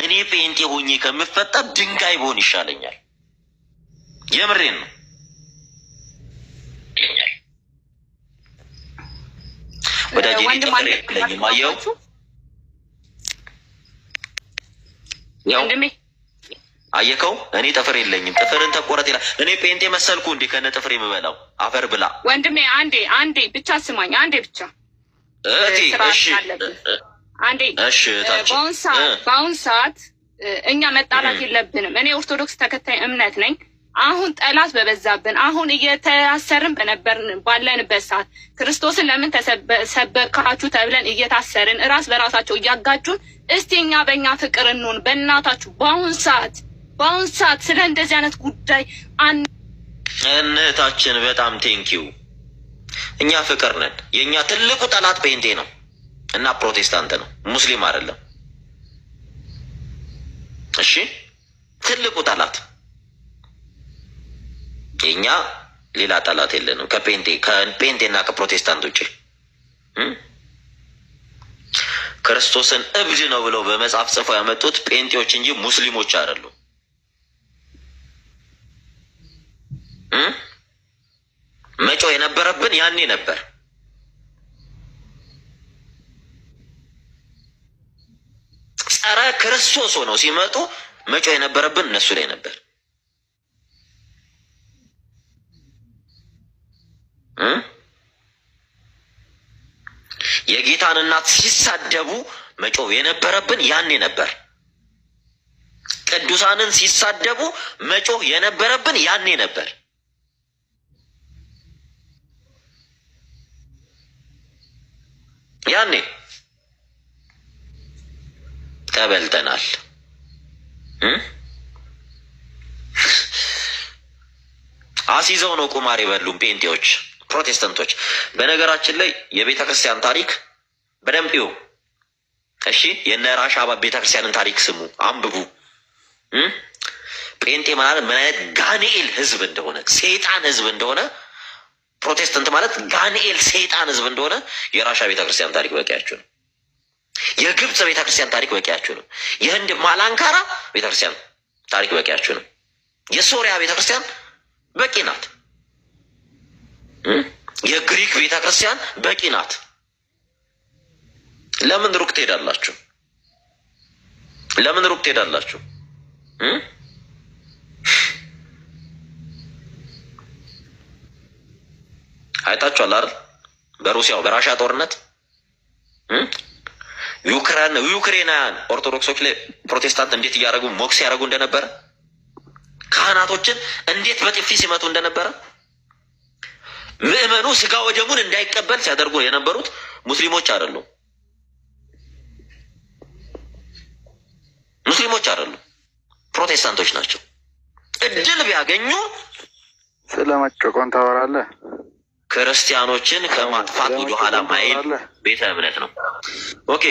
እኔ ጴንጤ ሆኜ ከምፈጠር ድንጋይ ብሆን ይሻለኛል። የምሬን ነው። ወዳጅ ማየው አየከው፣ እኔ ጥፍር የለኝም። ጥፍርን ተቆረጥ ይላል። እኔ ጴንጤ መሰልኩ እንዴ? ከነ ጥፍር የምበላው አፈር ብላ። ወንድሜ አንዴ አንዴ ብቻ ስማኝ፣ አንዴ ብቻ እቴ አንዴ በአሁን ሰዓት እኛ መጣላት የለብንም። እኔ ኦርቶዶክስ ተከታይ እምነት ነኝ። አሁን ጠላት በበዛብን አሁን እየታሰርን በነበርን ባለንበት ሰዓት ክርስቶስን ለምን ተሰበካችሁ ተብለን እየታሰርን እራስ በራሳቸው እያጋጩን፣ እስቲ እኛ በእኛ ፍቅር እንሆን በእናታችሁ። በአሁን ሰዓት በአሁን ሰዓት ስለ እንደዚህ አይነት ጉዳይ እህታችን በጣም ቴንኪው። እኛ ፍቅር ነን። የእኛ ትልቁ ጠላት ጴንጤ ነው። እና ፕሮቴስታንት ነው፣ ሙስሊም አይደለም። እሺ ትልቁ ጠላት የኛ ሌላ ጠላት የለንም ከጴንጤ ከጴንጤና ከፕሮቴስታንት ውጭ። ክርስቶስን እብድ ነው ብለው በመጽሐፍ ጽፈው ያመጡት ጴንጤዎች እንጂ ሙስሊሞች አይደሉም። መጮ የነበረብን ያኔ ነበር። ጸረ ክርስቶስ ሆነው ሲመጡ መጮ የነበረብን እነሱ ላይ ነበር። የጌታን እናት ሲሳደቡ መጮ የነበረብን ያኔ ነበር። ቅዱሳንን ሲሳደቡ መጮህ የነበረብን ያኔ ነበር። ያኔ ተበልተናል። አስይዘው ነው ቁማር የበሉም ጴንጤዎች፣ ፕሮቴስታንቶች። በነገራችን ላይ የቤተ ክርስቲያን ታሪክ በደንብ ይው እሺ፣ የነ አባ ቤተ ክርስቲያንን ታሪክ ስሙ፣ አንብቡ። ጴንጤ ማለት ምን አይነት ጋንኤል ህዝብ እንደሆነ ሴጣን ህዝብ እንደሆነ ፕሮቴስታንት ማለት ጋንኤል ሴጣን ህዝብ እንደሆነ የራሻ ቤተክርስቲያን ታሪክ በቂያችሁ ነው። የግብፅ ቤተክርስቲያን ታሪክ በቂያችሁ ነው። የህንድ ማላንካራ ቤተክርስቲያን ታሪክ በቂያችሁ ነው። የሶሪያ ቤተክርስቲያን በቂ ናት። የግሪክ ቤተክርስቲያን በቂ ናት። ለምን ሩቅ ትሄዳላችሁ? ለምን ሩቅ ትሄዳላችሁ? አይታችኋል አይደል? በሩሲያው በራሻ ጦርነት ዩክሬናውያን ኦርቶዶክሶች ላይ ፕሮቴስታንት እንዴት እያደረጉ ሞክስ ያደረጉ እንደነበረ ካህናቶችን እንዴት በጥፊ ሲመቱ እንደነበረ ምዕመኑ ስጋ ወደሙን እንዳይቀበል ሲያደርጉ የነበሩት ሙስሊሞች አይደሉም። ሙስሊሞች አይደሉም፣ ፕሮቴስታንቶች ናቸው። እድል ቢያገኙ ስለመጨቆን ታወራለህ። ክርስቲያኖችን ከማጥፋት ወደኋላ ማይል ቤተ እምነት ነው። ኦኬ